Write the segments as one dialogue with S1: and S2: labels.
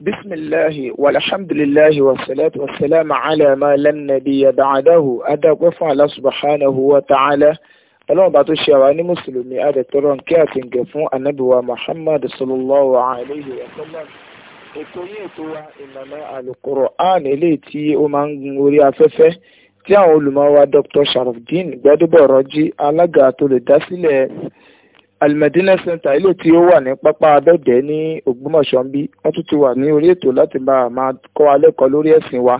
S1: بسم الله والحمد لله والصلاة والسلام على ما لا نبي بعده أدب وفعل سبحانه وتعالى ọlọ́run bá tó ṣe àwa ní mùsùlùmí adẹ̀tọ́rọ̀ kí àti ǹgẹ̀ fún anábìwá muhammad sallallahu alayhi wa sallam ètò yìí ètò wa ìlànà alukur'an eléyìí tí ó máa ń gun orí afẹ́fẹ́ tí àwọn olùmọ̀ wa dr sharafdin gbadebo rọjí alága tó lè dásílẹ̀ almadina center ilé tí ó wà ní pápá abẹ́dẹ́ ní ògbómọ̀ṣọ́ ń bí wọ́n tún ti wà ní orí ètò láti máa máa kọ́ alẹ́kọ̀ọ́ lórí ẹ̀sìn wa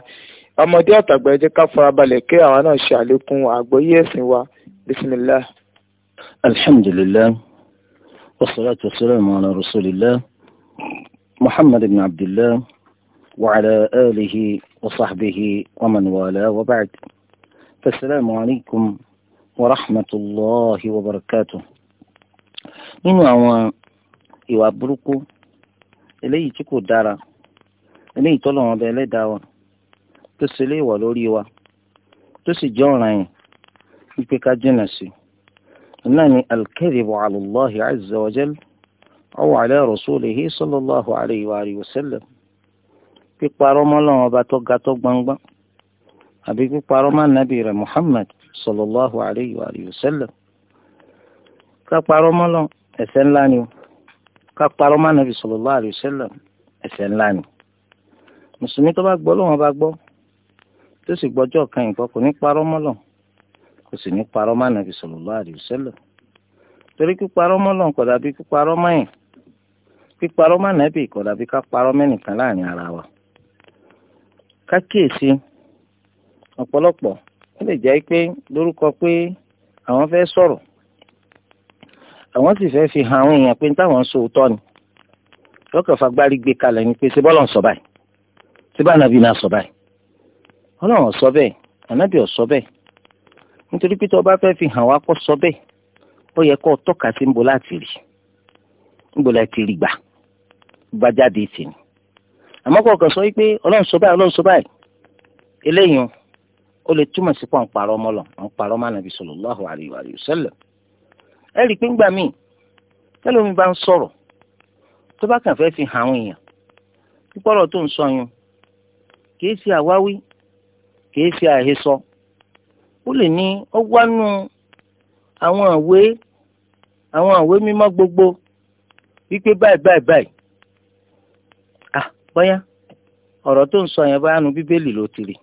S1: ọmọdé àtàgbà ẹ jẹ́ ká farabalẹ̀ kí àwa náà ṣe àlékún àgbọ́yé ẹ̀sìn wa bisimilah.
S2: alhamdulilah wasalaatu wasalaamu ala rasulillah muhammad ibn abdillah wa alihi wa sahbihi wa man wa ba'd fasalaamu alaykum wa rahmatulahi wa barakatuh nínú àwọn ìwà burúkú eléyìí tí kò dára eléyìí tọ́lọ̀ wọn bẹ ẹlẹ́dàá wa tó ṣe lé ìwà lórí wa tó sì jẹ́ ọ̀ràn yẹn wípé ká jìnnà sí náà ni al-kadhibu ala Allahi azza wa jalla aw ala rasulihi sallallahu alayhi wa píparọ́ mọ́lọ́run ọba tó ga tó gbangban àbí píparọ́ mọ́ nàbì rẹ̀ Muhammad sallallahu alayhi wa alihi wa sallam ká ẹ̀ṣẹ̀ ńlá ni o ká parọ́ mọ́ Ànábì sallallahu alaihi wasallam ẹ̀ṣẹ̀ ńlá ni mùsùlùmí tó bá gbọ́ lọ́wọ́n bá gbọ́ tó sì gbọ́jọ́ kan nǹkan kò ní parọ́ mọ́lọ̀ kò sì ní parọ́ mọ́ Ànábì sallallahu alaihi wasallam torí píparọ́ mọ́lọ̀ kò dàbí píparọ́ mọ́yìn píparọ́ mọ́ Ànábì kò dàbí ká parọ́ mẹ́nìkan láàrin ara wa ká kíyèsí ọ̀pọ̀lọpọ̀ ó lè jẹ́ pé lórúkọ pé àwọn fẹ́ sọ̀rọ̀ àwọn sì fẹ́ fi hàn àwọn èèyàn pé táwọn ń sọ òótọ́ ni lọ́kàn fagbárí gbé kalẹ̀ ni pé sebọ́lọ̀ ń sọ báyìí sebánabi náà sọ báyìí ọlọ́run sọ bẹ́ẹ̀ ànábì ọ̀ sọ bẹ́ẹ̀ nítorí pé tó o bá fẹ́ fi hàn wá kó sọ bẹ́ẹ̀ ó yẹ kó o tọ́ka sí níbo láti rí níbo láti rí gbà bá jáde tì ní àmọ́ kó sọ wípé ọlọ́run sọ báyìí ọlọ́run sọ báyìí eléyìí sallallahu alaihi wa ẹ rí i pé ńgbà míì tẹ́lómi bá ń sọ̀rọ̀ tó bá kàn fẹ́ fi hàn àwọn èèyàn pípọ́rọ̀ tó ń ka esi kì í ṣe àwáwí kì í ṣe àhesọ ó lè ní gbogbo wípé báyìí báyìí báyìí ah bóyá ọ̀rọ̀ tó ń sọ yẹn báyà nu bíbélì ló ti rí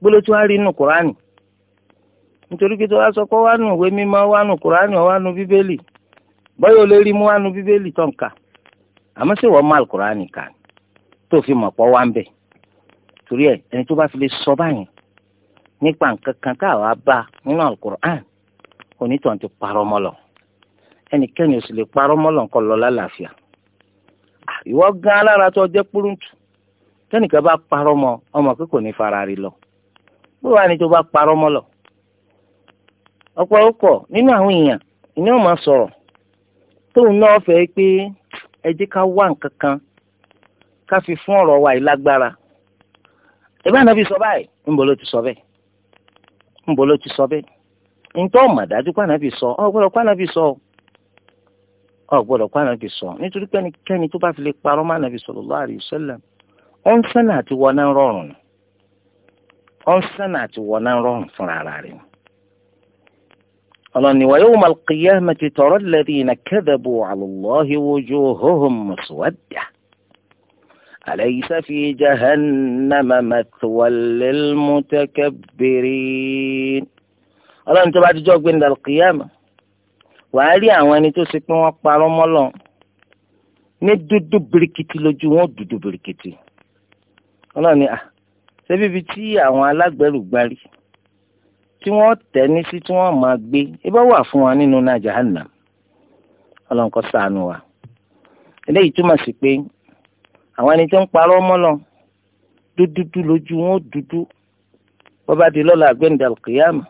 S2: gbólótú á rí nítorí pé tó wá sọ pé wánú ìwé mímọ́ wánú kùránì wánú bíbélì bọ́yọ̀ lè rí mú wánú bíbélì tó ń kà àmọ́ sì wọ́n mal kùránì kà tó fi mọ̀ pọ́ wá ń bẹ̀ torí ẹ̀ ẹni tó bá fi lè sọ báyìí nípa nǹkan kan táwa bá nínú alukur'an onítàn ti parọ́ mọ́lọ̀ ẹnikẹ́ni ò sì lè parọ́ mọ́lọ̀ nǹkan lọ lálàáfíà ìwọ gan alára tó jẹ́ púrúǹtù tẹ́nìkan bá parọ́ mọ́ ọmọ pé ní fara lọ bí wàá ní tó bá parọ́ mọ́lọ̀ ọ̀pọ̀lọpọ̀ nínú àwọn èèyàn ìní ọ̀ máa sọ̀rọ̀ tóun náà fẹ́ pé ẹ ká wá nǹkan kan fi fún ọ̀rọ̀ wa ìlágbára ìbá nàbí sọ báyìí ńbọ ló ti sọ bẹ́ẹ̀ ńbọ ló ti sọ bẹ́ẹ̀ ntọ́ ọ̀mà dájú kó sọ sọ sọ nítorí tó bá fi lè parọ́ àti wọná rọrùn ọlọ́ni wa yawmal qiyamati taral ladhina kadhabu ala Allahi wujuhuhum muswadda alaysa fi jahannama mathwal lil mutakabbirin ọlọ́ni tó bá dijọ́ gbẹ̀ndà kìyàmà wàá rí àwọn ẹni tó ṣe pé wọ́n parọ́ mọ́lọ́ ní dúdú birikiti lójú wọn dúdú birikiti ọlọ́ni à ah, ṣé bíbi tí àwọn alágbẹ̀rù gbárí tí wọ́n tẹ̀ ní sí tí wọ́n máa gbé ibà wà fún wa nínú náà jahannam ọlọ́run kó ṣàánú wa eléyìí túmọ̀ sí pé àwọn ẹni tó ń parọ́ mọ́lọ́ dúdúdú lójú wọn ó dúdú wọ́n bá di lọ́la àgbẹ̀ǹdà kìyàmù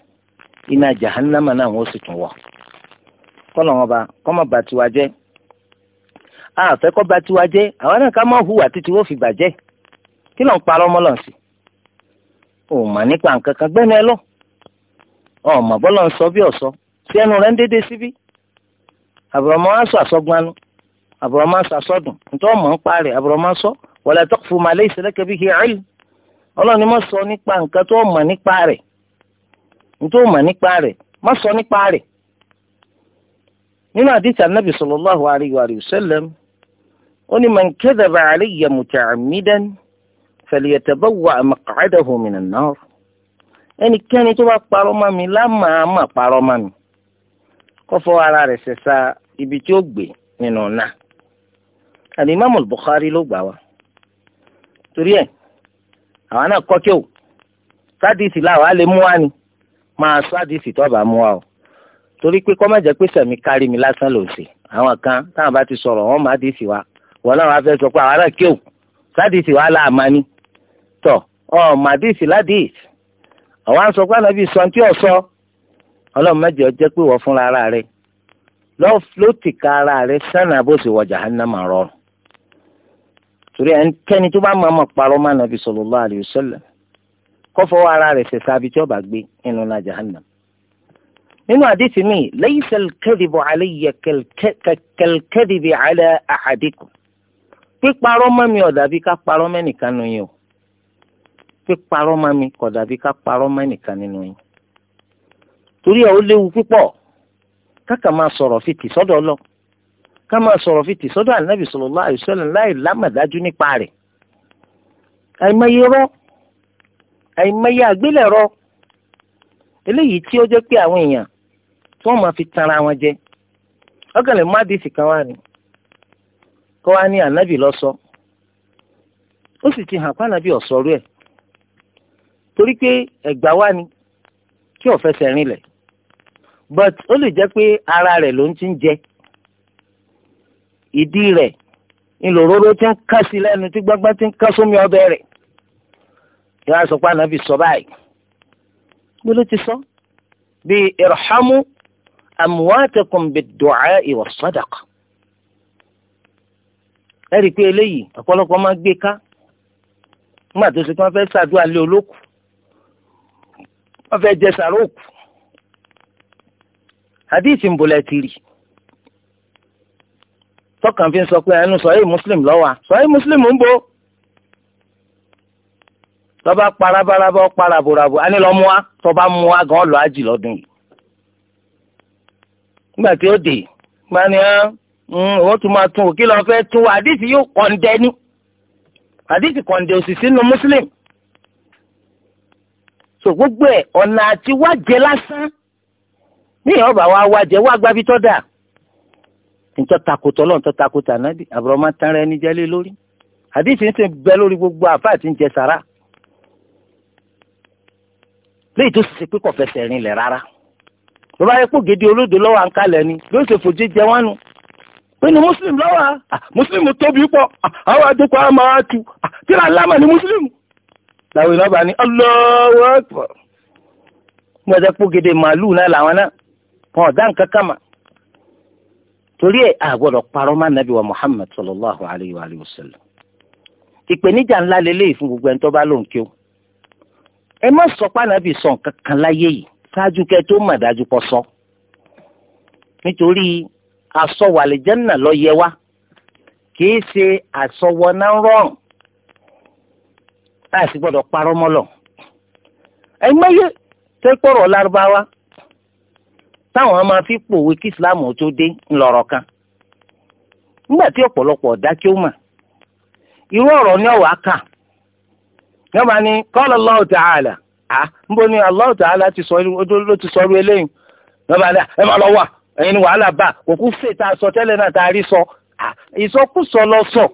S2: iná jahannama náà wọ́n sì tún wọ̀ kọ́nà wọn bá kọ́mọ bá tiwa jẹ́ àfẹ́ kọ́ bá tiwa jẹ́ àwọn náà ká mọ̀ hùwà títí wọ́n fi bàjẹ́ kí ló ń parọ́ mọ́lọ́ sí òun mà nípa nǹkan kan gbẹ́nu ẹ lọ́ọ́ ọmọ bọ́lá ń sọ bí ọ̀sọ́ tí ẹnu rẹ̀ ń dédé síbí àbùrọ̀mọ́ á sọ àsọgbánú àbùrọ̀mọ́ á sọ àsọdùn nítorí ọmọ ń parẹ́ àbùrọ̀mọ́ sọ wala taqfu ma laysa laka bihi ilm ọlọ́ni má sọ nípa nǹkan tó mọ̀ nípa rẹ̀ nítorí mọ̀ nípa rẹ̀ má sọ nípa rẹ̀ nínú àdìsí anábì sallallahu alayhi wa sallam ó ní man kadhaba alayya muta'ammidan falyatabawwa' maq'adahu minan nar ẹnikẹ́ni tó bá parọ́ mọ́ mi lámàámà parọ́ mọ́ mi kọ́fọ́ ara rẹ̀ ṣẹ̀ṣà ibi tí ó gbé nínú náà alimami Bukhari ló gbà wá torí ẹ̀ àwọn náà kọ́kẹ́ o sádìsì làwọn á lè mú wá ni máa sádìsì tó bá mú wá o torí pé kọ́mọ̀jẹ́ pé sẹ̀mí kárí mi lásán ló ń ṣe àwọn kan táwọn bá ti sọ̀rọ̀ wọn máa dìsì wá wọn náà wàá fẹ́ sọ pé àwọn náà kẹ́ o sádìsì wà láàmánì tọ̀ ọ̀ màdìsì ládìsì àwọn aṣọ pé ànábì sọ ní tí ò sọ ọlọ́run mẹ́jọ jẹ́ pé wọ́n fúnra ara rẹ ló ti ka ara rẹ sànà bó ṣe wọ jahannama rọrùn torí ẹnikẹ́ni tó bá máa mọ̀ parọ́ mọ́ ànábì sallallahu alayhi wa sallam kọ́fọ́ ara rẹ̀ ṣẹ̀ṣẹ̀ abi tí ó bá gbé nínú náà jahannam. nínú àdìsí mi laysa al-kadhibu alayya kal-kadhibi ala ahadikum mi ò ká parọ́ mẹ́nìkan nù o pé parọ́ mọ́ mi kò dàbí ká parọ́ mọ́ ẹnìkan nínú yín torí ẹ̀ ó léwu púpọ̀ káka máa sọ̀rọ̀ fìtì sọ́dọ̀ lọ. ká máa sọ̀rọ̀ fìtì sọ́dọ̀ ànábì sallallahu alaihi wasallam láì lámàdájú nípa rẹ̀ àìmọye rọ́ àìmọye rọ, eléyìí tí ó jẹ́ pé àwọn èèyàn tí wọ́n máa fi tanra wọn jẹ ọkàn lè má dìísì kan wá ní kó wá ní ànábì lọ́sọ ó sì ti hàn pé ànábì ọ̀sọ́rú ẹ̀ torí pé ẹ̀gbà wà ní kí ó fẹsẹ̀ rinlẹ̀ but ó lè jẹ́ pé ara rẹ̀ ló ń ti ń jẹ ìdí rẹ̀ ńlọrọrọ ti ń ká sí lẹ́nu tí gbọ́ngbọ́n ti ń ká sómi ọbẹ̀ rẹ̀ ìyá sọ pé ànábì sọ báyìí gbé ló ti sọ bíi irhamu amwatakum bid-du'a'i was ẹ rí i pé eléyìí ọ̀pọ̀lọpọ̀ máa gbé ká nígbà tó ṣe kí wọ́n fẹ́ ṣàdúrà lé olókùn wọ́n fẹ́ jẹ sàrà òkú hadith ń bolẹ̀ tìrì tọkàn fi ń sọ pé ẹnu sọ̀rọ̀ muslim lọ́wọ́ sọ̀rọ̀ muslim ń bo lọ́ba parabaraba paraburabu á ní lọ́ mú wa tọ́ba mú wa gan lọ́ àjì lọ́dún yìí nígbà tí ó dé gbani ẹ wọ́n tún máa tún òkè lọ́ọ́ fẹ́ tún wa hadith yóò kọ́ńdẹ́ ní hadith òsì sínú muslim. so gbogbo ẹ̀ ọ̀nà àti wájẹ lásán ní ìyọba wa wájẹ wá gbábí tọ́ dà ntọ́ tako tọ́lọ́ ntọ́ tako tànábì àbúrọ̀mọ́ tán rẹ níjẹ́lé lórí àdìsí ń sìn bẹ́ lórí gbogbo àfa àti njẹ sàrà léyìí tó ṣe pé kò fẹsẹ̀ rinlẹ̀ rárá bàbá bá yẹ kó gèdè olódò lọ́wọ́ à ni ló ṣe fòjé jẹ wọn nu pé ni muslim lọ́wọ́ à ah, muslim tóbi pọ̀ àwọn àdókò àmọ́ àtú tíra lámà ni muslim làwọn èèyàn bá ní Allahu Akbar ní ọjọ́ pọ́gẹ́dẹ́ màálù náà làwọn náà wọn ò dá nǹkan kàmà torí ẹ̀ àgbọ̀dọ̀ parọ́ má nàbí wa Muhammad sallallahu alayhi wa alihi wa sallam ìpèníjà ńlá lélẹ́yìí fún gbogbo ẹni tó bá lóun kí o ẹ má sọ pé ànábì sọ nǹkan kan láyé yìí ṣáájú kẹ tó mà dájú pọ sọ nítorí àsọwàlẹ̀jẹ̀ náà lọ yẹ wá kìí ṣe àsọwọ náà rọrùn láìsí gbọ́dọ̀ parọ́ mọ́lọ̀ ẹ̀gbẹ́yẹ tó lárúbáwá táwọn máa fi pòwe kí islam tó dé ńlọrọ̀ kan nígbà tí ọ̀pọ̀lọpọ̀ ọ̀dá ó mà irú ọ̀rọ̀ ni ọ̀wá kà yọba ni qala Allahu ta'ala à ń bọ́ ni ló ti sọ ọ́ eléyìí yọba ni ẹ máa lọ wà ẹ̀yin ni wàhálà bá òkú sọ tẹ́lẹ̀ náà tá a rí sọ ìsọkúsọ lọ sọ.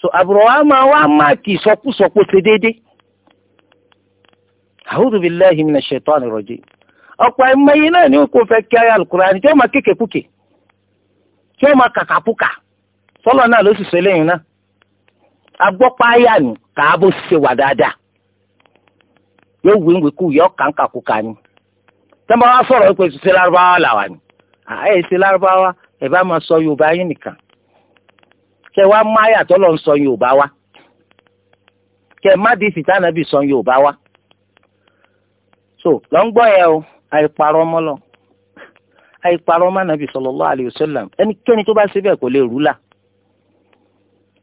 S2: so àbùrọ̀ wa máa wá máàkì ìsọkúsọpọ̀ ṣe déédéé a'udhu billahi minash shaitani rajim ọ̀pọ̀ ẹ̀mẹ́yẹ náà ni kò fẹ́ kí ayé al ya tí ó máa kéèké kúkè tí ó máa kàkàpùkà sọ́lọ́ náà ló sì sọ eléyìí náà agbọ́pá ayà ni kàábò ṣe wà dáadáa yóò wí ń yọ ni tẹ́lẹ̀ bá sọ̀rọ̀ pé ṣe lárúbáwá làwà ni àyè ṣe lárúbáwá ẹ̀ bá máa sọ Yorùbá yín nìkan kẹ wá máyà tọ́lọ̀ ń sọ yorùbá wa kẹ má di sìtánà bí sọ yorùbá wa so lọ ń gbọ́ yẹ o àìparọ́ mọ́ lọ àìparọ́ mọ́ nàbì sallallahu alayhi wa sallam ẹnikẹ́ni tó bá ṣe bẹ́ẹ̀ kò lè rú là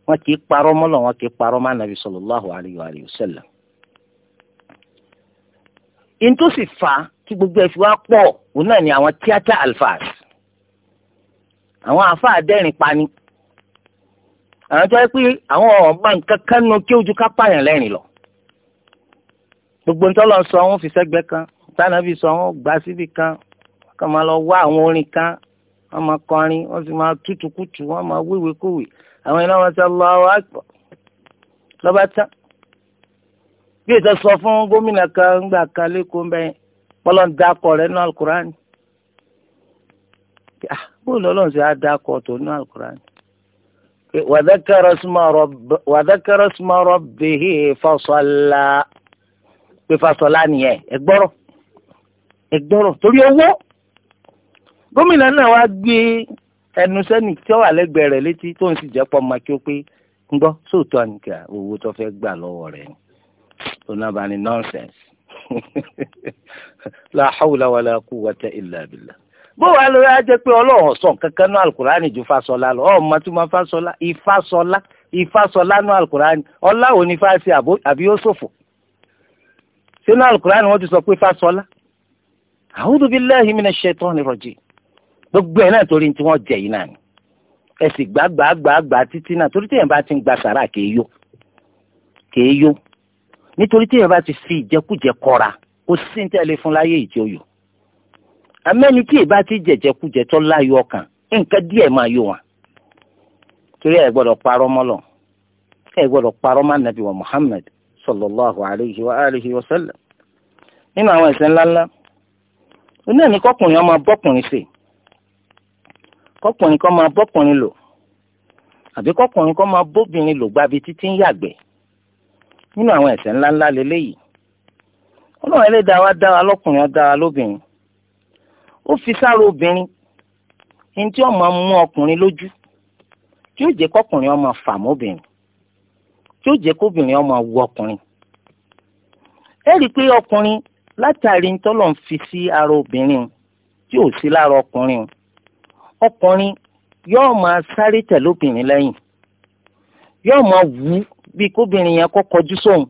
S2: wọn kì í parọ́ mọ́ lọ wọn kì í parọ́ mọ́ nàbì sallallahu alayhi wa sallam ìntòsí fa tí gbogbo ẹ̀ fi wá pọ̀ òun náà ni àwọn tíátà alfaas àwọn àfa àdẹ́rìn pani àwọn tó yẹ pé àwọn ọba nǹkan kan nu kí ojú ká pààyàn lẹ́rìn lọ gbogbo ntọ́lọ sọ wọn fi sẹ́gbẹ́ kan tánàbí sọ wọn gbà síbi kan kàn máa lọ wá àwọn orin kan wọn máa kọrin wọn sì máa tútù kùtù wọn máa wíwèé kúwèé àwọn iná wọn sọ lọ wá lọ́ba tán bí ètò sọ fún gómìnà kan ńgbà kan lẹ́kọ̀ọ́ mbẹ́yìn bọ́lọ̀ ń dakọ̀ rẹ̀ nínú alukurani ah, bóòlù ọlọ́run sì á dakọ̀ tó nínú alukurani wàdákàrà súnmọ́ rọ́bìhì fọ́sọ́lá pé fọ́sọ́lá nìyẹn ẹgbọ́rọ̀ ẹgbọ́rọ̀ torí owó gómìnà náà wá gbé ẹnu sẹ́ni tí ó wà lẹ́gbẹ̀ẹ́ rẹ̀ létí tó ń sì jẹ́ pọ́ máa kí ó pé ń gbọ́ sóòótọ́ nìkà owó tó fẹ́ gbà lọ́wọ́ rẹ̀ ni onábàání nọ́ọ̀sẹ̀nsì la hawla wala quwwata bó wàá lórí ajẹ́ pé ọlọ́run sọ kankan náà alukurani ju fasola lọ ọ̀ mọ̀tí ma fasola ìfasola ìfasola náà alukurani ọlá òní fásí àbí ó ṣòfò sínú alukurani wọ́n ti sọ pé fasola a'udhu billahi minash shaitani rajim gbogbo ẹ̀ náà torí tí wọ́n jẹ yìí náà ni ẹ sì gbà gbà gbà gbà títí náà torí téèyàn bá ti ń gba sàrà kèé yó kèé yó nítorí téèyàn bá ti fi ìjẹkújẹ kọra kò sí ní tẹ́lẹ̀ fún láyé ìjọyọ̀ amẹ́ni tí ìbá ti jẹ̀jẹ̀kújẹ tó láyọ̀ ọkàn nǹkan díẹ̀ máa yọ wọn. torí ẹ gbọ́dọ̀ parọ́ mọ́lọ̀ ẹ gbọ́dọ̀ parọ́ má nàbí wa Muhammad sallallahu alayhi wa alihi wa sallam. nínú àwọn ẹ̀ṣẹ̀ ńláńlá oní ẹ̀mí kọkùnrin ọmọ bọ́kùnrin ṣe kọkùnrin kọ́ máa bọ́kùnrin lò àbí kọkùnrin kọ́ máa bóbìnrin lò gbábi títí ń yàgbẹ́ nínú àwọn ẹ̀ṣẹ̀ ńláńlá lélẹ́yìí ọlọ́run ẹlẹ́dàá wa dá wa lọ́kùnrin ó wa lóbìnrin ó fi sára obìnrin ẹni tí ó máa mú ọkùnrin lójú tí ó jẹ́ kọkùnrin ó máa fà mọ́bìnrin tí ó jẹ́ kóbìnrin ó máa ọkùnrin ẹ rí i pé ọkùnrin látàrí ntọ́lọ̀ ń fi sí ara obìnrin tí ò sí lára ọkùnrin ọkùnrin yóò máa sáré tẹ̀lé obìnrin lẹ́yìn yóò máa wù bí kóbìnrin yẹn kó kọjú sóhun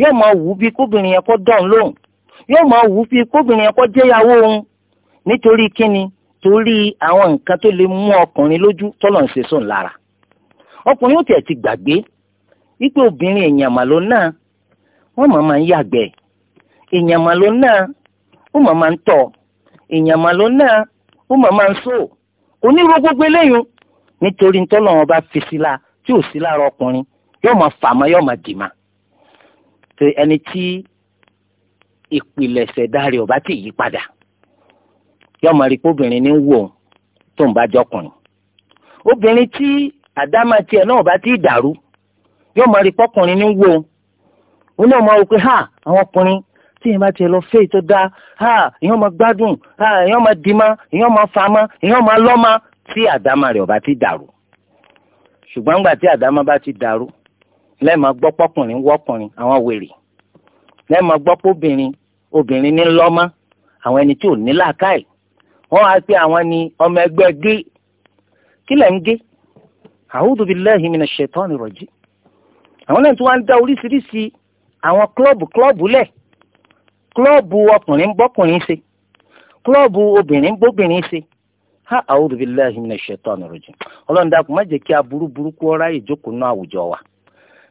S2: yóò máa wù bí kóbìnrin yẹn kó dán lóhùn yóò máa wù bí kóbìnrin yẹn kó jẹ́yàwó òun nítorí kíni torí àwọn nǹkan tó lè mú ọkùnrin lójú tọ́lọ̀ ń ṣe sùn lára ọkùnrin ó tiẹ̀ ti gbàgbé wípé obìnrin èèyàn màló náà wọ́n mọ̀ máa ń yàgbẹ́ èèyàn màló náà wọ́n mọ̀ máa ń tọ̀ èèyàn màló náà wọ́n mọ̀ máa ń sò onírú gbogbo eléyìí nítorí tọ́lọ̀ wọn bá fi sí la tí ò sí lára ọkùnrin yóò máa fà má yóò máa dì má ẹni tí ìpìlẹ̀ṣẹ̀ dáre ọba ti yí padà yóò máa rí i pé obìnrin ní wò tó ń bá jọkùnrin obìnrin tí àdámà tiẹ̀ náà bá ti dàrú yóò máa rí i pé ọkùnrin ní wò ó náà máa wò pé ha àwọn ọkùnrin tí yẹn bá tiẹ̀ lọ fẹ́ tó dáa ha èèyàn máa gbádùn ha èèyàn máa dìímá èèyàn máa famá èèyàn máa lọ́má tí àdámà rẹ̀ ọba ti dàrú ṣùgbọ́n gbà tí àdámà bá ti dàrú lẹ́ẹ̀ma gbọ́ pọ́kùnrin wọ́kùnrin àwọn wèrè lẹ́ẹ̀ma gbọ́ pọ́bìnrin obìnrin ní lọ́má àwọn ẹni tí ò ní làákàyè wọ́n á pé àwọn ni ọmọ ẹgbẹ́ gé kí lẹ̀ ń gé a'udhu billahi minash shaitani rajim àwọn lẹ́yìn tó wá ń dá oríṣiríṣi àwọn kílọ̀bù kílọ̀bù lẹ̀ kílọ̀bù ọkùnrin bọ́kùnrin ṣe kílọ̀bù obìnrin bóbìnrin ṣe ha a'udhu billahi minash shaitani rajim ọlọ́run dákun má jẹ́ kí aburú burúkú ọ̀rá ìjókòó náà àwùjọ wa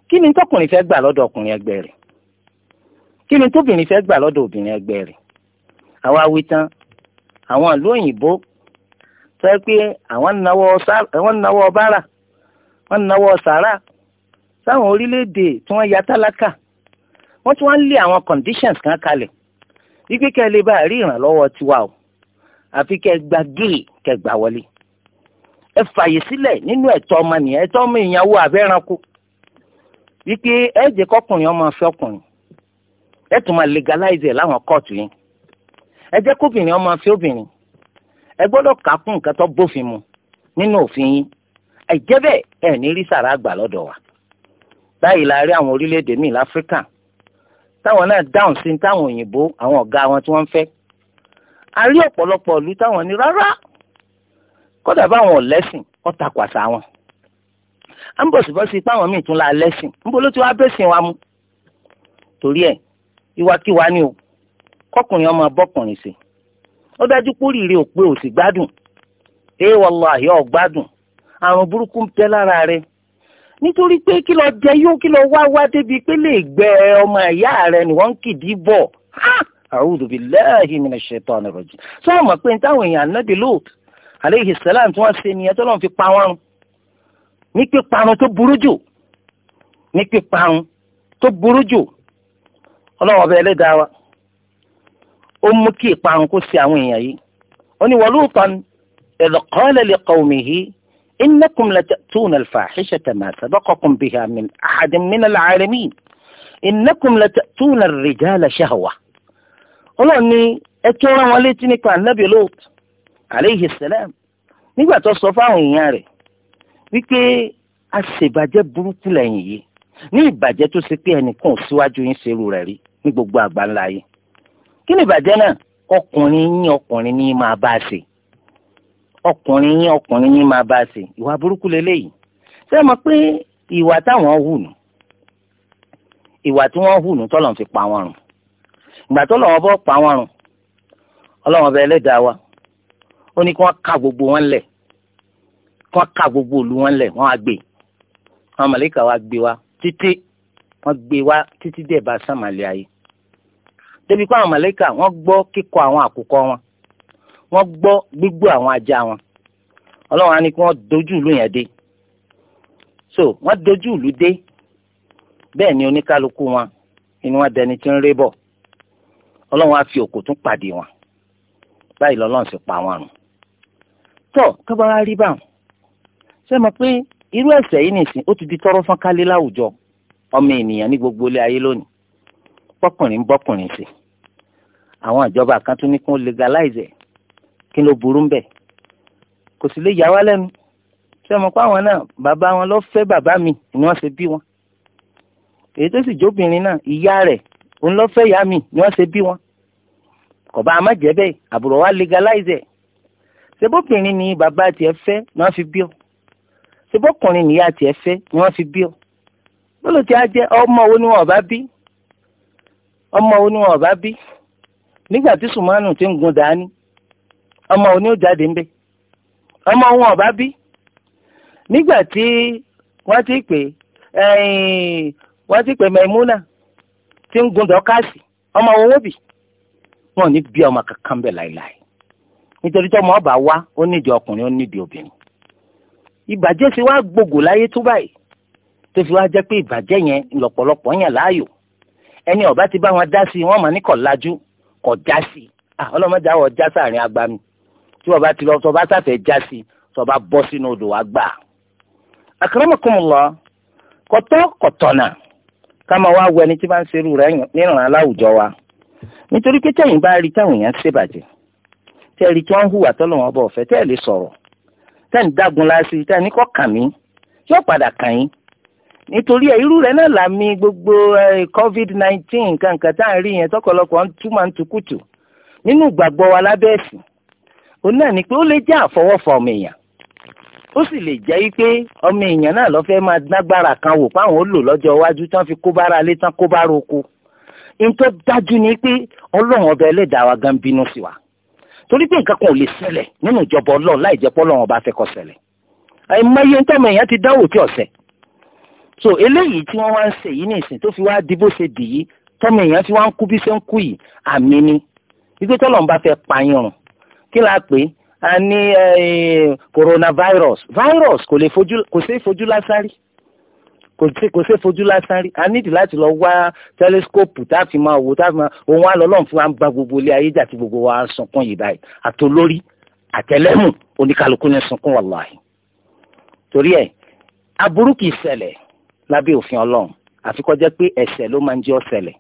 S2: kí ni tọkùnrin fẹ́ gbà lọ́dọ̀ ọkùnrin ẹgbẹ́ rẹ̀ kí ni tóbìnrin fẹ́ gbà lọ́dọ̀ obìnrin ẹgbẹ́ rẹ̀ àwa wí àwọn ìlú òyìnbó sọ pé àwọn náwó bára wọ́n náwó sàrà sáwọn orílẹ̀-èdè tí wọ́n ya tálákà wọ́n tún wọ́n lé àwọn conditions kan kalẹ̀ wípé kẹ́ ẹ lè bá rí ìrànlọ́wọ́ tiwa o àfi kẹ́ ẹ gba gírì kẹ́ ẹ gbà wọlé ẹ fààyè sílẹ̀ nínú ẹ̀tọ́ ọmọnìyàn ẹ̀tọ́ ọmọ ìyàwó abẹ́ranko wípé ẹ jẹ́ kọkùnrin ọmọ afẹ́ ọkùnrin ẹ tún máa legalize ẹ̀ láwọn kóòtù yẹn ẹ jẹ́ kóbìnrin ọmọ fi obìnrin ẹ gbọ́dọ̀ kàkún nǹkan tó bófin mu nínú òfin yín ẹ jẹ́ bẹ́ẹ̀ ẹ ní rí sàrà àgbà lọ́dọ̀ wa báyìí la rí àwọn orílẹ̀-èdè míì láfíríkà táwọn náà dáhùn sí táwọn òyìnbó àwọn ọ̀gá wọn tí wọ́n ń fẹ́ a rí ọ̀pọ̀lọpọ̀ ìlú táwọn ní rárá kódà báwọn ò lẹ́sìn ó takò àṣà wọn à ń bọ̀sibọ́sí páwọn míì tún la lẹ́sìn níbo ló bẹ́sìn wa mu torí ẹ̀ ìwàkiwà ni o kọkùnrin ọmọ abọ́kùnrin sí ó dájú póríire ò pé ò sì gbádùn ẹ wàláhì ò gbádùn àrùn burúkú ń tẹ lára rẹ nítorí pé kí ló jẹ yóò kí ló wá wá débi pé lè gbẹ ọmọ ìyá rẹ ni wọ́n ń kìdí bọ̀ a'udhu billahi minash shaitani rajim sọ àmọ́ pé ní táwọn èèyàn náà dé lóòótọ́ aleyhi salam tí wọ́n ṣe ni ẹjọ́ lọ́n fi pa wọ́n run ní píparun tó burú jù ní píparun tó burú jù ọlọ́wọ́ bẹ́ẹ̀ lé dáa wa ó mú kí ìparun kó sí àwọn èèyàn yìí ó ní walutan idh qala li qawmihi innakum latatuna al-fahishata ma sabaqakum biha min ahadin min al-alamin innakum latatuna ar-rijala shahwa ọlọ́run ní ẹ tún rán wọn létí nípa ànábì Lóòtù alayhi salam nígbà tó sọ fáwọn èèyàn rẹ̀ wípé àṣebàjẹ́ burúkú lẹ́yìn yìí ní ìbàjẹ́ tó ṣe pé ẹnìkan ò síwájú yín ṣerú rẹ̀ rí ní gbogbo àgbáńlá yìí kí ni ìbàjẹ́ náà ọkùnrin yín ọkùnrin ní máa bá a ṣe ọkùnrin yín ọkùnrin yín máa bá a ṣe ìwà burúkú lélẹ́yìí ṣé mọ̀ pé ìwà táwọn hù nù ìwà tí wọ́n hù nù tọ́lọ̀ fi pa wọn rùn ìgbà tọ́lọ̀ wọn bọ́ pa wọn rùn ọlọ́wọ́n bẹ ẹlẹ́dàá wa ó ní kí wọ́n ka gbogbo wọn lẹ̀ kí wọ́n ka gbogbo òlu wọn lẹ̀ wọ́n á gbé àwọn màlẹ́kà wa gbé wa títí wọ́n gbé wa títí dẹ̀ bá sàmàlẹ́ ayé débi pé àwọn màlàíkà wọ́n gbọ́ kíkọ àwọn àkùkọ wọn wọ́n gbọ́ gbígbó àwọn ajá wọn ọlọ́run á ní kí wọ́n dojú ìlú yẹn dé so wọ́n dojú ìlú dé bẹ́ẹ̀ ni oníkálukú wọn inú wọn dẹni tí ń ré bọ̀ ọlọ́run á fi òkú tún pàdé wọn báyìí lọ́lọ́run sì pa wọn rùn tọ́ kábàárà rí báwọn ṣé mo pé irú ẹ̀ṣẹ̀ yìí nìsín ó ti di tọ́rọ́ fọ́n kálé láwùjọ ọmọ ènìyàn ní gbogbo ilé ayé lónìí bọ́kùnrin bọ́kùnrin sí i àwọn ìjọba kan tún ní kí legalize ẹ̀ kí ló burú ń bẹ̀ kò sì lè yà wá lẹ́nu ṣé ọmọ pa àwọn náà bàbá wọn lọ fẹ́ bàbá mi ni wọ́n ṣe bí wọn èyí tó sì jóbìnrin náà ìyá rẹ̀ òun lọ fẹ́ ìyá mi ni wọ́n ṣe bí wọn kò bá a má àbúrò wa legalize ẹ̀ ṣebóbìnrin ni bàbá tiẹ̀ fẹ́ ni wọ́n fi bí ọ ṣebókùnrin ni ìyá tiẹ̀ fẹ́ ni wọ́n fi bí ọ bọ́lọ̀ tí a jẹ́ ọmọ wo ni wọn ọba bí ọmọ wo ni wọn ọba bí nígbà tí sùmánù ti ń gun dání ọmọ òní ò jáde ń bẹ ọmọ wọn ọba bí nígbà tí wọ́n ti pè wọ́n ti pè mẹ́múnà ti ń gun dọ́kásì ọmọ owó bì wọn ò ní bí ọmọ kankan bẹ̀ láìláì nítorí tí ọmọ ọba wá ó nídìí ọkùnrin ó nídìí obìnrin ìbàjẹ́ sì wá gbogbo láyé tó báyìí tó fi wá jẹ́ pé ìbàjẹ́ yẹn lọ́pọ̀lọpọ̀ yẹn láàyò ẹni ọba ti bá wọn dá sí wọn mà ní lajú kọ̀ já sí ọlọ́mọdé àwọ̀ agba mi tí wọ́n bá ti lọ sọ bá sáfẹ́ já sí sọ bá bọ́ sínú odò wa gbà. akramakumullah kọ̀tọ́ kọ̀tọ̀nà ká máa wá wọ ẹni tí bá ń serú rẹ̀ níràn aláwùjọ wa nítorí pé tẹ̀yìn bá rí táwọn èèyàn ṣèbàjẹ́ tẹ́ẹ̀rí tí wọ́n ń hùwà tọ́lọ́wọ́n bọ̀ fẹ́ tẹ́ẹ̀ lè sọ̀rọ̀ tẹ́ẹ̀ ń dágun láti tẹ́ẹ̀ ní kọ́ kàn yóò padà kàn yín nítorí ẹ irú rẹ̀ náà làmì gbogbo covid nineteen kankan tá à ń rí yẹn tọ̀pọ̀lọpọ̀ ń túmọ̀ ń tukùtù nínú ìgbàgbọ́ wa lábẹ́ ẹ̀sìn òun náà ni pé ó lè jẹ́ àfọwọ́fọ ọmọ èèyàn ó sì lè jẹ́ pé ọmọ èèyàn náà lọ́ fẹ́ máa dágbára kan wò páwọn ó lò lọ́jọ́ iwájú tán fi kó bára lé tán kó bára oko nítorí dájú ni pé ọlọ́run ọba ẹlẹ́dàá wa gan bínú sí wa torí pé nǹkan kan ò lè ṣẹlẹ̀ nínú ìjọba ọlọ́run láì jẹ́ pé ọba fẹ́ kó ṣẹlẹ̀ àìmọye tọ́mọ èèyàn ti dáwò tí ọ̀sẹ̀ so eléyìí tí wọ́n wá ń ṣe yìí nìsín tó fi wá di bó ṣe dì yìí tọ́mọ èèyàn fi wá ń kú bí ṣe ń kú yìí àmì ni wípé tọ́lọ̀ ń bá fẹ́ pààyàn rùn kí la pè á ní coronavirus virus kò lè fojú kò ṣeé fojú lásán rí kò ṣe fojú lásán rí a nídìí láti lọ wá tẹlẹsikópù tá a fi máa wò tá a fi máa òun á lọ lọ́n fún wa ń gba gbogbo ilé ayé jà tí gbogbo wa sunkún yìí báyìí àtolórí àtẹlẹ́mù oníkálukú ní sunkún wàláhì torí ẹ̀ aburú kìí ṣẹlẹ̀ lábẹ́ òfin ọlọ́run àfi kó jẹ́ pé ẹ̀ṣẹ̀ ló máa ń jẹ́ ọ̀sẹ̀lẹ̀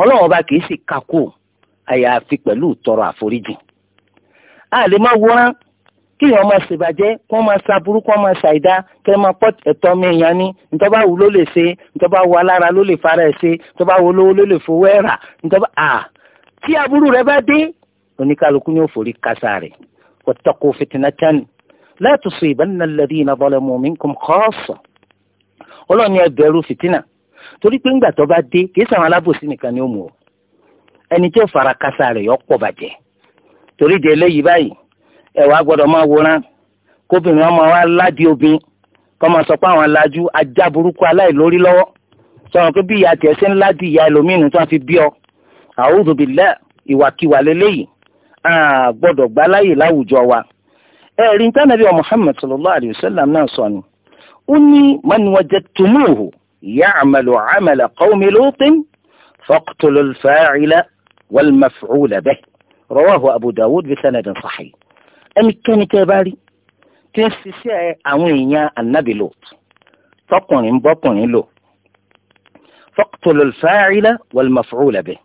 S2: ọlọ́run ọba kìí sì kakó àyàfi pẹ̀lú tọrọ àforíjì a lè máa wòran kí èèyàn máa ṣèbàjẹ́ kí wọ́n máa ṣàbúrú kí wọ́n máa ṣàìdá kí wọ́n máa pọ́ ẹ̀tọ́ mi èèyàn ní ntọ́ba wù ló lè ṣe ntọ́ba wù alára ló lè fara ẹ̀ ṣe ntọ́ba wù olówó ló lè fowó ẹ̀ rà ntọ́ba à tí aburú rẹ bá dé oníkálukú ni ó forí kásá rẹ̀ wattaqu fitnatan la tusibanna alladhina zalamu minkum khassa ọlọ́ọ̀ni ẹ bẹ̀rù fìtínà torí pé ńgbà tó bá dé kì í sàwọn alábòsí nìkan ni ó mú o ẹni tí ó fara kásá rẹ̀ yọ pọ̀ bàjẹ́ torí de eléyìí báyìí ẹ wàá gbọ́dọ̀ máa wòran kóbìnrin ọmọ wa ládi obìnrin kọ́ máa sọ pé àwọn alájú ajá burúkú aláìlórí lọ́wọ́ sọ̀rọ̀ pé bí ìyá tiẹ̀ ṣe ń ládi ìyá ẹlòmínú tó ń fi bí ọ a'udhu ìwàkiwà lélẹ́yìí a gbọ́dọ̀ gbáláyè láwùjọ wa ẹ̀rí ní tánàbí Muhammad sallallahu alayhi wa sallam náà sọ ni ó ní man wajadtumuhu ya'malu 'amala qawmi Lutin faqtulu al-fa'ila wal-maf'ula bih rawahu Abu Dawud bi sanadin sahih ẹnikẹ́ni tẹ́ bá rí tí ń ṣiṣẹ́ àwọn èèyàn Ànábì Lut tọkùnrin ń bọ́kùnrin lò faqtulu al-fa'ila wal-maf'ula bih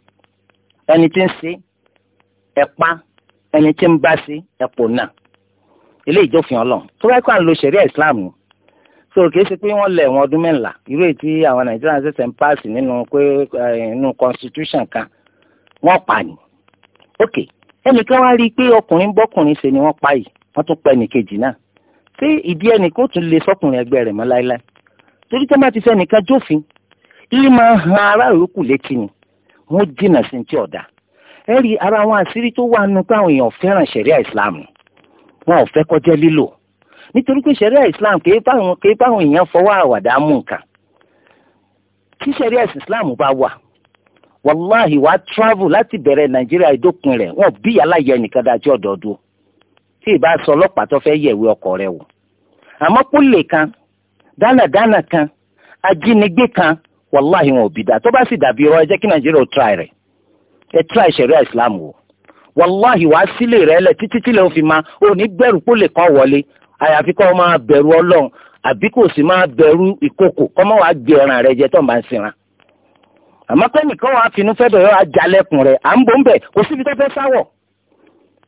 S2: ẹni tí ń ṣe ẹ̀pá ẹni tí ń bá ṣe ẹ̀pọ̀ náà ilé ìjọfin ọlọ́run tó bá kọ́ à ń lo so kìí ṣe pé wọ́n lẹ̀ wọ́n ọdún mẹ́la irú èyí tí àwọn nàìjíríà ṣẹ̀ṣẹ̀ ń paasi nínú pé inú constitution kan wọ́n pa ni ok ẹnìkan wá rí i pé ọkùnrin bọ́kùnrin ṣe ni wọ́n pa yìí wọ́n tún pa ẹnìkejì náà ṣé ìdí ẹnìkan ó tún lè sọkùnrin ẹgbẹ́ rẹ̀ mọ́ láéláé torí tẹ́ bá ti fẹ́ nìkan jófin ilé máa han ará ìrókù létí ni wọ́n jìnnà sí ti ọ̀dà ẹ rí ara àwọn àṣírí tó wà nù pé àwọn èèyàn fẹ́ràn ṣẹ̀ríà ìsìlámù wọn ò fẹ́ kọjá lílò nítorí pé sẹ́ríà islam kì í báwọn èèyàn fọwọ́ àwàdà mú nǹkan tí sẹ́ríà wà wàláhì wàá travel láti bẹ̀rẹ̀ nàìjíríà ìdókun rẹ̀ wọn bí aláyẹ nìkan ọ̀dọ́dún tí ì bá sọ ọlọ́pàá tó fẹ́ yẹ̀wé ọkọ̀ rẹ̀ wò àmọ́ pólè kan dánàdánà kan ajínigbé kan wàláhì wọn ò bí dá tó bá sì ọ islam wò wàláhì wàá sílé títí tí lè fi ma kan wọlé àyàfi kọ́ máa bẹ̀rù ọlọ́run àbí kò sì máa bẹ̀rù ìkòkò kọ́ máa wà á gbé ẹran rẹ jẹ tó ń bá ń sinra. àmọ́ pẹ́ẹ́nìkan wàá finú fẹ́ bẹ̀rẹ̀ ajalẹ̀kùn rẹ̀ à ń bò ń bẹ̀ kò síbi tó fẹ́ sáwọ̀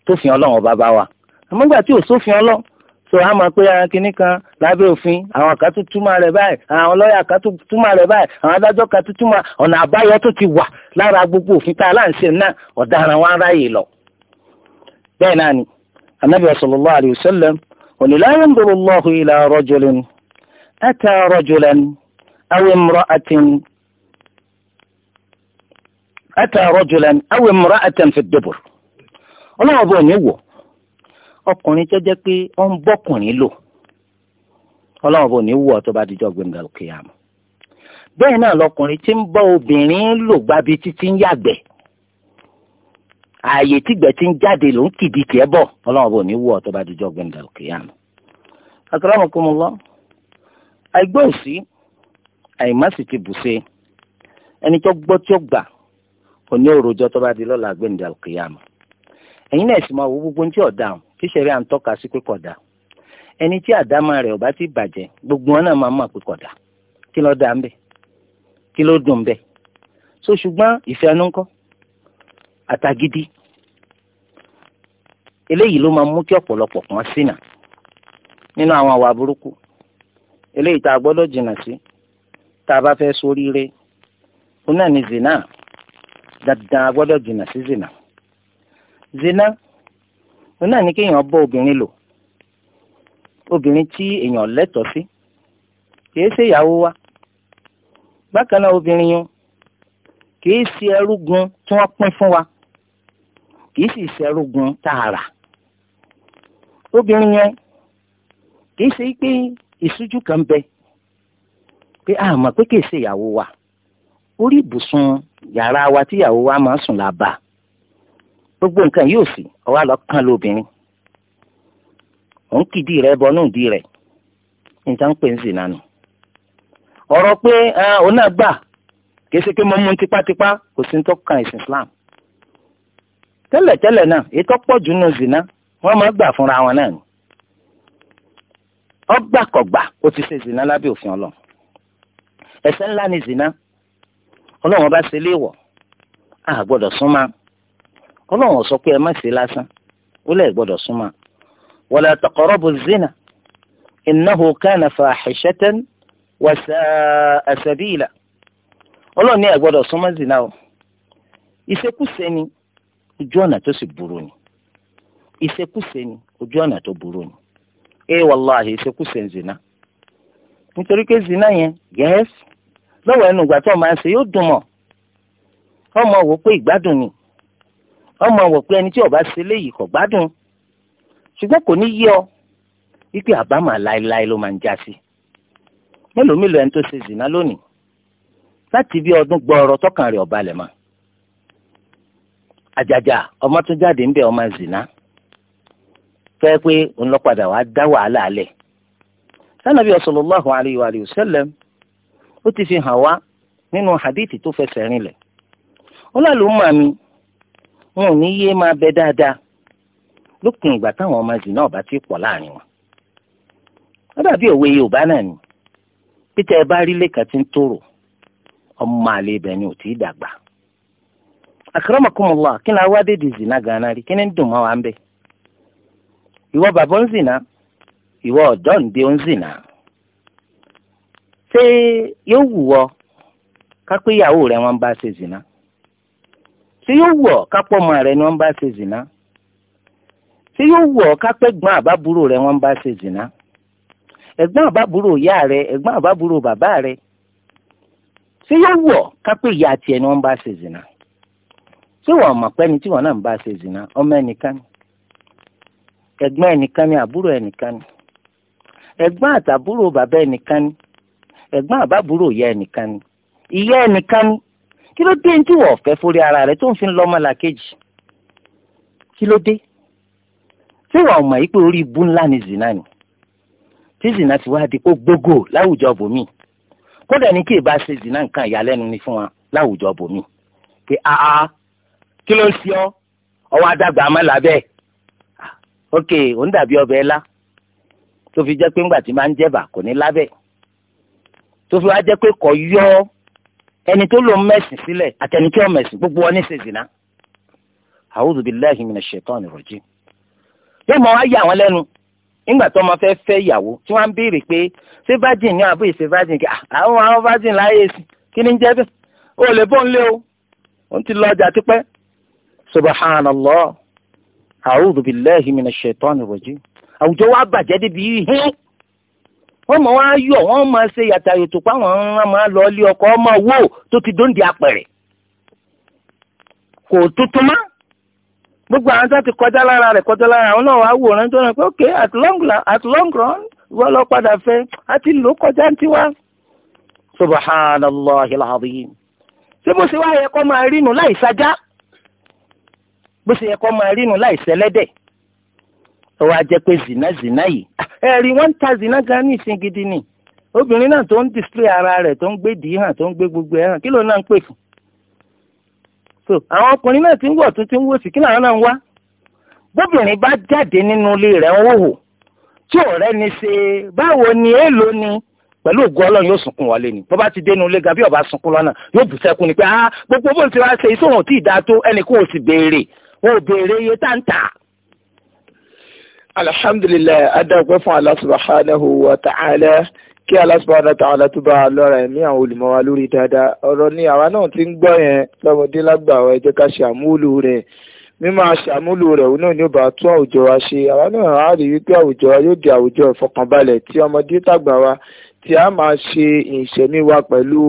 S2: tó fi ọlọ́run ọba bá wa. àmọ́ gbà tí ò sófin ọlọ́run tó a máa pé ara kìíní kan lábẹ́ òfin àwọn kan rẹ̀ báyìí àwọn lọ́ọ̀yà kan rẹ̀ báyìí àwọn adájọ́ wa sallallahu alayhi wa ولا ينظر الله إلى رجل أتى رجلا أو امرأة أتى رجلا أو امرأة في الدبر الله bọ̀ هو. wọ̀ ọkùnrin tó jẹ́ pé ó ń bọ́kùnrin lò ọlọ́wọ́ bọ̀ ní wọ̀ tó bá dijọ́ gbẹ̀ngàn kìyàmù bẹ́ẹ̀ náà lọkùnrin tí ń bọ́ obìnrin lò gbábi títí ń yàgbẹ́ ààyè tìgbẹ́ ti ń jáde ló ń kìdí tiẹ̀ bọ̀ ọlọ́run bò ní wú ọ tó bá dijọ́ gbẹ̀ndà òkè yá mi. akramakumullah àìgbọ́ òsì àìmásì ti bùṣe ẹni tó gbọ́ tí ó gbà kò ní òròjọ́ tó bá di lọ́la gbẹ̀ndà òkè yá ẹ̀yin náà sì máa wo gbogbo tí ọ̀dà tí sẹ́rí à ń tọ́ka sí pé kódà ẹni tí àdámà rẹ̀ ò bá ti bàjẹ́ gbogbo wọn náà máa mọ̀ pé kódà kí ló dá ń bẹ̀ kí ló dùn bẹ̀ so ṣùgbọ́n ìfẹ́ ẹnu ńkọ́ Atagidi, eléyìí ló máa mú kí ọ̀pọ̀lọpọ̀ kan ṣìnà nínú àwọn àwà burúkú eléyìí tá a gbọ́dọ̀ jìnnà sí tá a bá fẹ́ ṣoríire òun náà ni zina dandan a gbọ́dọ̀ jìnnà sí zina zina òun náà ni kéèyàn bọ́ obìnrin lò obìnrin tí èèyàn lẹ́tọ̀ọ́ sí kìí ṣe ìyàwó wa bákan náà obìnrin yẹn kìí ṣe ẹrú gun tí wọ́n pín fún wa kìí sì ṣẹ́rúgun tààrà obìnrin yẹn kìí ṣe pé ìṣújú kan bẹ pé a mọ̀ pé kìí ṣe ìyàwó wa orí ibùsùn yàrá wa tí ìyàwó wa máa ń sùn là bá gbogbo nǹkan yóò sì ọwọ́ àlọ́ kan lóbìnrin òun kìdí rẹ bọnú ìdí rẹ níta ń pè ń sìn nánu ọ̀rọ̀ pé òun náà gbà kìí ṣe pé mo mú tipátipá kò sí ní tó kan ìsìn Islam tẹ́lẹ̀tẹ́lẹ̀ náà ètò pọ̀jù nù zìnà wọ́n máa gbà fúnra wọn náà ni ọgbàkọ̀gbà ó ti ṣe zìnà lábẹ́ òfin ọlọ́run ẹ̀ṣẹ̀ ńlá ni zìnà ọlọ́run bá ṣe léèwọ̀ a gbọ́dọ̀ súnmọ́ ọlọ́run sọ pé ẹ má ṣe lásán ó lẹ̀ gbọ́dọ̀ súnmọ́ wala taqrabu zina innahu kana fahishatan wa sa'a sabila ọlọ́run ní ẹ gbọ́dọ̀ súnmọ́ zìnà o ìṣekúṣe ni ojú ọ̀nà tó sì burú ni ìsekúse ni ojú ọ̀nà tó burú ni ẹ wàláhì ìṣekúṣe ń zina nítorí pé zina yẹn yes lọ́wọ́ ẹnu ìgbà tó o máa ń ṣe yóò dùn ọmọ wò pé ìgbádùn ni ọmọ wò pé ẹni tí bá ṣe léyìí ọ wípé àbámọ̀ láéláé ló máa ń mélòó mélòó ẹni zina lónìí láti bí ọdún gbọ́ tọkàn rẹ̀ àjàjà ọmọ tó jáde ńbẹ ọmọ zina fẹ́ pé òun lọ padà wàá dá wàhálà alẹ̀ sanabi sallallahu alayhi wa sallam ó ti fi hàn wá nínú hadithi tó fẹsẹ̀ rinlẹ̀ ọlọ́lùmọ̀ mi wọn ò ní yé máa bẹ dáadáa lópin ìgbà táwọn ọmọ zina ọba ti pọ láàrin wọn ó dàbí òwe yorùbá náà ni pété ẹ bá rí lẹ́ka tí ń tòrò ọmọ àlebẹ̀ ni ò tí ì dàgbà akramakumullah kí ni awa dé di zina gánà rí kí ni dùn mọ́ wa ń bẹ̀ ìwọ bàbá ń zina ìwọ ọ̀dọ́ ń dé ń zina ṣé yóò wù ọ kápẹ́ ìyàwó rẹ wọ́n bá ṣe zina ṣé yóò wù ọ kápẹ́ ọmọ rẹ ni wọ́n bá ṣe zina ṣé yóò wù ọ kápẹ́ gbọ́n àbábúrò rẹ wọ́n bá ṣe zina ẹ̀gbọ́n àbábúrò ìyá rẹ ẹ̀gbọ́n àbábúrò bàbá rẹ ṣé yóò wù ọ kápẹ́ ìyá tiẹ̀ ni wọ́n bá ṣe zina ṣé wọ́n mọ̀ pẹ́ni tí wọ́n náà ń bá ṣe zìnà ọmọ ẹnìkan ni ẹ̀gbọ́n ẹnìkan ni àbúrò ẹnìkan ni ẹ̀gbọ́n àtàbúrò bàbá ẹnìkan ni ẹ̀gbọ́n àbábúrò ìyá ẹnìkan ni ìyá ẹnìkan ni kí ló dé tí wọ́n fẹ́ forí ara rẹ̀ tó ń fi lọ́mọ làkejì kí ló dé ṣé wọ́n mọ̀ yìí pé orí ibú ńlá ni zìnà ni tí zìnà ti wá di kó gbogbo láwùjọ bòmíì kódà ní kí ìbá ṣe zìnà nǹkan ìyàlẹ́nu ni fún wa láwùjọ bòmíì pé aa kí ló ń ṣe ọ ọwọ́ adágbà amálà bẹ́ẹ̀ ok òun dàbí ọbẹ̀ ẹlá tó fi jẹ́ pé ńgbà tí máa ń jẹ̀bà kò ní lábẹ́ tó fi wá jẹ́ pé kò yọ ẹni tó lò ń mẹ̀sìn sílẹ̀ àtẹni tí ó mẹ̀sìn gbogbo wọn ní ṣèṣìnà a'udhu billahi minash shaitani rajim yóò mọ wá yà lẹ́nu nígbà tó ọmọ fẹ́ fẹ́ ìyàwó tí wọ́n ń béèrè pé ṣé virgin ni àbúrò ṣe virgin kí ah, àwọn àwọn virgin láyé sí kí ni ń jẹ́ bẹ́ẹ̀ o lè bó ń lé o ó ti lọ ọjà tipẹ́ subhanallah a'udhu billahi minash shaitanir rajim wa bàjẹ́ débi hín wọ́n mọ̀ wá yọ̀ wọ́n mọ̀ ṣe yàtàyètò páwọn ọ̀ràn máa lọ ilé ọkọ̀ ọmọ wo tó ti apẹ̀rẹ̀ kò tuntun gbogbo àwọn tó ti kọjá lára rẹ̀ kọjá lára àwọn náà wàá wòran tó pé ok at long run at lọ padà fẹ́ lò bó ṣe yẹ kó máa rínu láì sẹlẹ́dẹ̀ ó pé zina zina yìí ah, ẹ̀rí wọ́n ń ta zina gan ní ìsìn gidi ni obìnrin náà tó ń display ara rẹ̀ tó ń gbé dìí hàn tó ń gbé gbogbo ẹ̀ hàn kí ló náà ń pè fún so àwọn ọkùnrin náà ti ń wọ̀ tún wò sí kí làwọn náà ń wá bóbìnrin bá jáde nínú ilé ń tí ni ṣe báwo ni èèlò ni pẹ̀lú ògùn yóò sunkún wọlé ni bó bá ti dénú ilé ọba sunkún lọ́nà yóò bù sẹ́kún ni pé ah gbogbo bó
S1: ń ti wá ṣe iṣẹ́ òun ò tí ì dáa tó ẹnì kó o sì béèrè wọn ò béèrè iye tá ń tà. alhamdulilayi adáwọ̀pẹ́ fún Allah subhanahu wa ta'ala kí Allah subhanahu wa ta'ala tó bá a lọ́ra ẹ̀mí àwọn olùmọ̀ wa lórí dáadáa ọ̀rọ̀ ni àwa náà ti ń gbọ́ yẹn lọ́mọdé lágbà wa ẹ jẹ́ ká ṣe àmúlò rẹ̀ mímọ aṣàmúlò rẹ̀ òun náà ni ó bá tún àwùjọ wa ṣe àwa náà á rí wípé àwùjọ wa yóò di àwùjọ ìfọkànbalẹ̀ tí ọmọdé tàgbà wa tí a máa ṣe ìṣẹ̀mí wa pẹ̀lú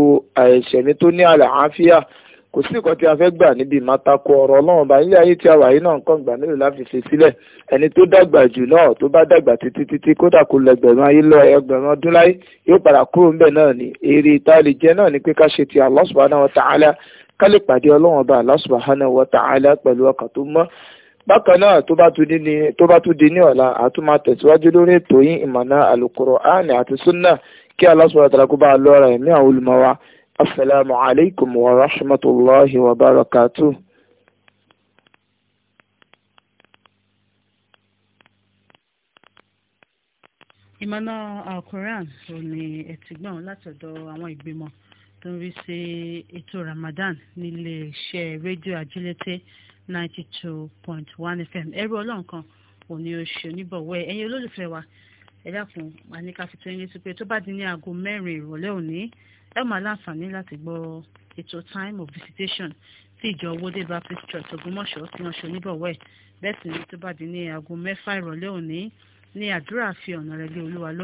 S1: ìṣẹ̀mí tó ní àlàáfíà kò sí nǹkan tí a fẹ́ gbà níbi ìmátakọ ọ̀rọ̀ ọlọ́run bá nílé ayé tí a wà yìí náà nǹkan gbà mélòó láti fi sílẹ̀ ẹni tó dàgbà jù náà tó bá dàgbà títí títí kódà kó lọ ẹgbẹ̀rún ayé lọ ẹgbẹ̀rún ọdún láyé yóò padà kúrò ńbẹ̀ náà ni èrè ìta lè jẹ náà ni pé ká ṣe ti Allah subhanahu wa ta'ala ká lè pàdé ọlọ́run ọba Allah subhanahu wa ta'ala pẹ̀lú ọkàn tó mọ́ bákan náà tó bá tún di ní ọ̀la àtúmọ̀ tẹ̀síwájú lórí ètò yín ìmọ̀nà Al-Qur'ani àti súnà kí Allah subhanahu wa ta'ala kó bá a lọ́ra ẹ̀mí àwọn olùmọ̀ wa السلام عليكم ورحمة الله وبركاته. barakatuh.
S2: ìmọ̀nà alquran ò ní ẹ̀tìgbọ́n látọ̀dọ̀ àwọn ìgbìmọ̀ tó ń rí sí ètò Ramadan nílé iṣẹ́ rédíò ajílété ninety two point one FM ẹ̀rọ ọlọ́run kan ò ní oṣù níbọ̀wẹ́ ẹ̀yin olólùfẹ́ wa ẹ dákun àníkàfitó yín létí pé tó bá di ní aago mẹ́rin ìrọ̀lẹ́ òní ẹ máa láǹfààní láti gbọ́ ètò time of visitation tí ìjọ owóde baptist church ògbómọ̀ṣọ́ tí wọ́n ṣe oníbọ̀wọ́ ẹ̀ bẹ́ẹ̀ sì ni tó bá di ní aago mẹ́fà ìrọ̀lẹ́ òní ní àdúrà fi ọ̀nà rẹ̀ lé olúwa lọ.